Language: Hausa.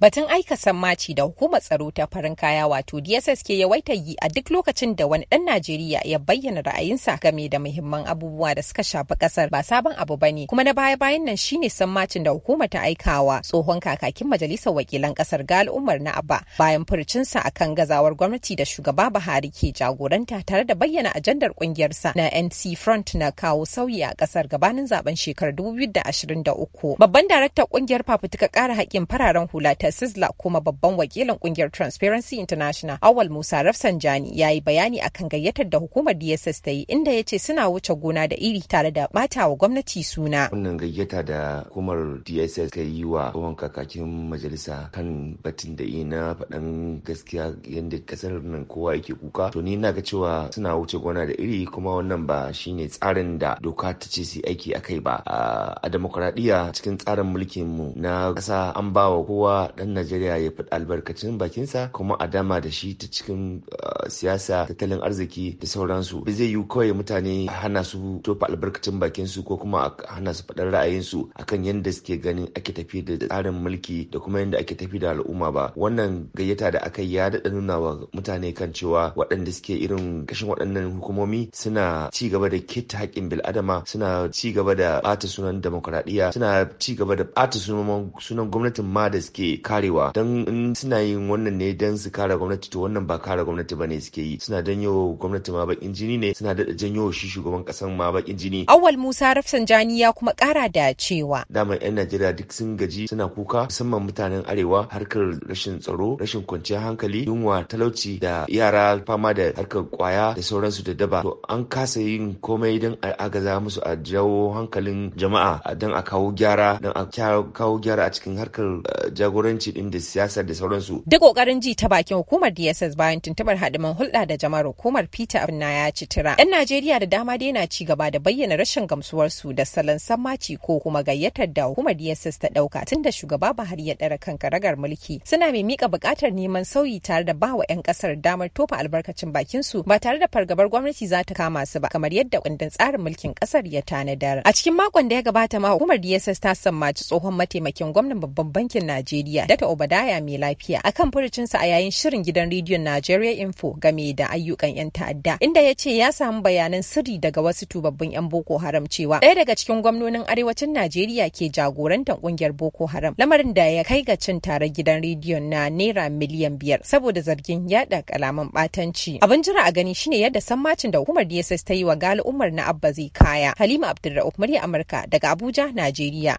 Batun aika sammaci da hukumar tsaro ta farin kaya wato DSS ke yawaita yi a duk lokacin da wani ɗan Najeriya ya bayyana ra'ayinsa game da muhimman abubuwa da suka shafi ƙasar ba sabon abu ba ne kuma na baya-bayan nan shine sammacin da hukumar ta aikawa tsohon kakakin majalisar wakilan ƙasar gali Umar na Aba. bayan furcinsa akan gazawar gwamnati da shugaba Buhari ke jagoranta tare da bayyana ajandar ƙungiyarsa na NC Front na kawo sauyi a ƙasar gabanin zaben shekarar uku, Babban daraktan ƙungiyar fafutuka ƙara haƙƙin fararen hula ta Sizla kuma babban wakilin kungiyar Transparency International Awal Musa Rafsanjani ya yi bayani akan gayyatar da hukumar DSS ta yi inda ya ce suna wuce gona da iri tare da bata wa gwamnati suna. Wannan gayyata da hukumar DSS ta yi wa tsohon kakakin majalisa kan batun da na faɗan gaskiya yadda kasar nan kowa yake kuka. To ni na ga cewa suna wuce gona da iri kuma wannan ba shine tsarin da doka ta ce su aiki akai ba. A demokuraɗiyya cikin tsarin mulkin mu na kasa an ba wa kowa dan najeriya ya fi albarkacin bakinsa kuma a dama da shi ta cikin uh, siyasa tattalin arziki da sauransu ba zai yi kawai mutane hana su tofa albarkacin bakinsu ko kuma hana su faɗar ra'ayinsu akan yadda suke ganin ake tafi da tsarin mulki da kuma yadda ake tafi da al'umma ba wannan gayyata da aka yi ya daɗa nuna wa mutane kan cewa waɗanda suke irin kashin waɗannan hukumomi suna ci gaba da keta haƙƙin bil'adama suna ci gaba da ɓata sunan demokuraɗiyya suna ci gaba da ɓata sunan gwamnatin ma da suke karewa don in suna yin wannan ne don su kare gwamnati to wannan ba kare gwamnati bane suke yi suna danyo gwamnati ma bakin jini ne suna dada janyo shi shugaban kasan ma bakin jini awwal musa rafsanjani ya kuma kara da cewa daman yan najeriya duk sun gaji suna kuka musamman mutanen arewa harkar rashin tsaro rashin kwanciyar hankali yunwa talauci da yara fama da harkar kwaya da sauransu da daba to an kasa yin komai don a agaza musu a jawo hankalin jama'a don a kawo gyara don a kawo gyara a cikin harkar eh, jagoranci shugabanci din da siyasar da sauransu. Duk kokarin ji ta bakin hukumar DSS bayan tuntubar hadiman hulɗa da jama'ar hukumar Peter Abna ya ci tira. Yan Najeriya da dama dai na ci gaba da bayyana rashin gamsuwarsu da salon sammaci ko kuma gayyatar da hukumar DSS ta dauka tun da shugaba Buhari ya ɗara kan karagar mulki. Suna mai mika buƙatar neman sauyi tare da bawa 'yan ƙasar damar tofa albarkacin bakinsu ba tare da fargabar gwamnati za ta kama su ba kamar yadda kundin tsarin mulkin ƙasar ya tanadar. A cikin makon da ya gabata ma hukumar DSS ta sammaci tsohon mataimakin gwamnan babban bankin Najeriya Sa'adatu Obadaya mai lafiya akan furucinsa a yayin shirin gidan rediyon Nigeria Info game da ayyukan 'yan ta'adda inda ya ce ya samu bayanan sirri daga wasu tubabbin 'yan Boko Haram cewa ɗaya daga cikin gwamnonin arewacin Najeriya ke jagorantar kungiyar Boko Haram lamarin da ya kai ga cin tare gidan rediyon na naira miliyan biyar saboda zargin yaɗa kalaman batanci. Abin jira a gani shine yadda sammacin da hukumar DSS ta yi wa Gali Umar na Abba zai kaya. Halima Abdulrauf murya Amurka daga Abuja, Najeriya.